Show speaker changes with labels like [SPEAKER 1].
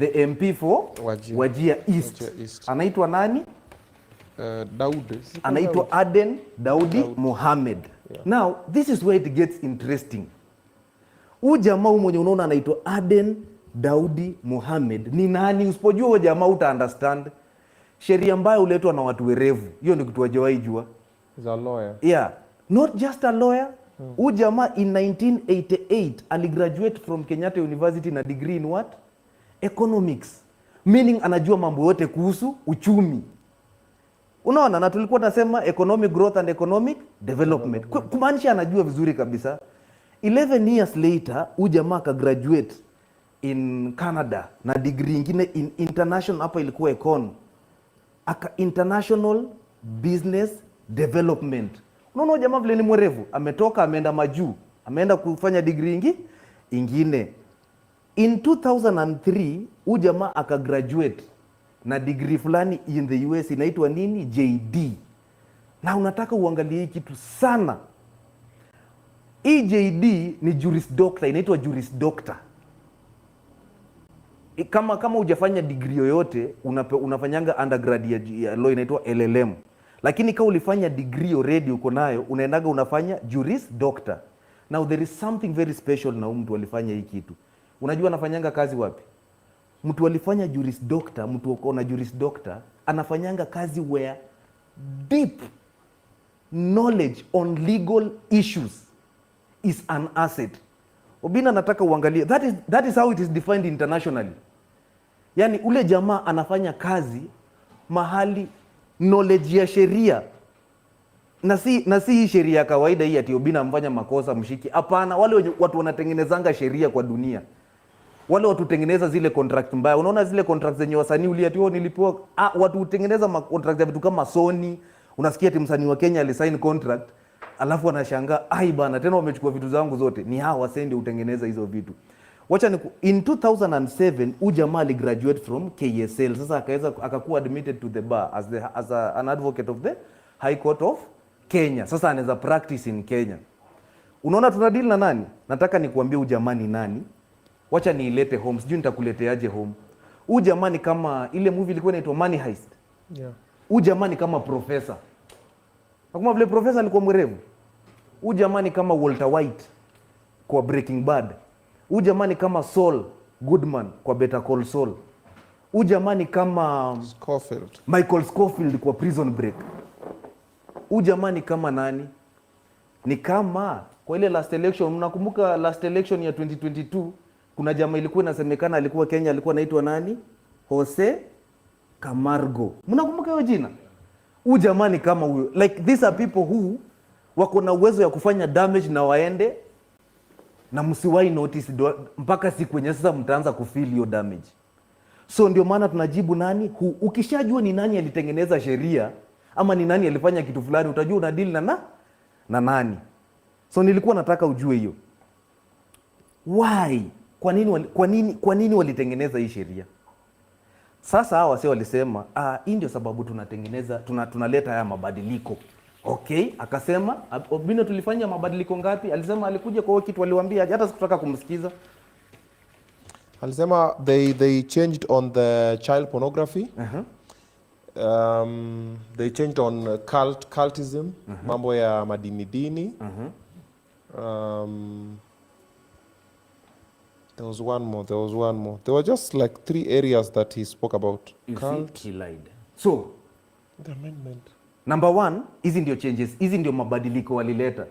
[SPEAKER 1] The MP for Wajia, Wajia East, Wajir East. Anaitwa nani?
[SPEAKER 2] Uh, Daudi.
[SPEAKER 1] Anaitwa Aden Daudi, Daudi. Mohamed. Yeah. Now this is where it gets interesting. Huu jamaa mwenye unaona anaitwa Aden Daudi Mohamed ni nani? Usipojua huyo jamaa uta understand. Sheria mbaya huletwa na watu werevu. Hiyo ndio kitu hajawahi jua. He's a lawyer. Yeah. Not just a lawyer. Hmm. Huu hmm. jamaa in 1988 aligraduate from Kenyatta University na degree in what? economics, meaning anajua mambo yote kuhusu uchumi. Unaona, na tulikuwa tunasema economic growth and economic development, kumaanisha anajua vizuri kabisa. 11 years later huyu jamaa akagraduate in Canada na degree ingine in international, hapa ilikuwa econ, aka international business development. Unaona jamaa vile ni mwerevu, ametoka ameenda majuu, ameenda kufanya degree ingi ingine In 2003 huyu jamaa akagraduate na degree fulani in the US inaitwa nini, JD. Na unataka uangalie hii kitu sana. Hii JD ni juris doctor, inaitwa juris doctor. Kama kama hujafanya digri yoyote unape, unafanyanga undergrad ya law inaitwa LLM, lakini kama ulifanya digri already uko nayo unaendaga unafanya juris doctor. Now there is something very special na mtu alifanya hii kitu Unajua anafanyanga kazi wapi? Mtu alifanya juris doctor, mtu ukona juris doctor anafanyanga kazi where deep knowledge on legal issues is an asset. Obina nataka uangalie that is, that is how it is defined internationally. Yaani ule jamaa anafanya kazi mahali knowledge ya sheria na si na si hii sheria ya kawaida hii ati Obina amfanya makosa mshiki. Hapana, wale watu wanatengenezanga sheria kwa dunia wale watu watutengeneza zile contract mbaya, unaona zile contract zenye wasanii uliatiwa, wao oh, nilipewa ah, watu hutengeneza contract ya vitu kama Sony. Unasikia ati msanii wa Kenya alisign contract alafu anashangaa ai bana, tena wamechukua vitu zangu zote. Ni hawa wasendi utengeneza hizo vitu. Wacha ni in 2007 huyu jamaa graduate from KSL, sasa akaweza akakuwa admitted to the bar as the as a, an advocate of the High Court of Kenya. Sasa anaweza practice in Kenya. Unaona tuna deal na nani? Nataka nikuambie huyu jamaa ni nani wacha niilete home, sijui nitakuleteaje home. Huyu jamani kama ile movie ilikuwa inaitwa Money Heist. Yeah. jamani kama profesa. akuma vile profesa alikuwa mwerevu. Huyu jamani kama Walter White kwa Breaking Bad. Huyu jamani kama Saul Goodman kwa Better Call Saul. Huyu jamani kama
[SPEAKER 2] Scofield.
[SPEAKER 1] Michael Scofield kwa Prison Break. Huyu jamani kama nani? Ni kama kwa ile last election, mnakumbuka last election ya 2022 kuna jama ilikuwa inasemekana alikuwa Kenya, alikuwa anaitwa nani? Jose Camargo. Mnakumbuka hiyo jina? Huyu jamani, kama huyo. Like these are people who wako na uwezo ya kufanya damage na waende na msiwai notice do, mpaka siku yenye sasa mtaanza kufeel hiyo damage. So ndio maana tunajibu nani hu. Ukishajua ni nani alitengeneza sheria ama ni nani alifanya kitu fulani, utajua una deal na, na na nani. So nilikuwa nataka ujue hiyo why kwa nini, kwa nini, kwa nini walitengeneza hii sheria? Sasa hawa wasee walisema ah, hii ndio sababu tunatengeneza tuna, tunaleta haya mabadiliko okay. Akasema bina ah, oh, tulifanya mabadiliko ngapi? Alisema alikuja kwa kitu waliwaambia, hata sikutaka kumsikiza.
[SPEAKER 2] Alisema they they changed on the child pornography uh -huh. Um, they changed on cult, cultism uh -huh. mambo ya madini dini uh -huh. um, There was one more. There was one more. There were just like three areas that he spoke about.
[SPEAKER 1] You Cult. See, he lied. So
[SPEAKER 2] the amendment
[SPEAKER 1] number one, hizi ndio changes, hizi ndio mabadiliko walileta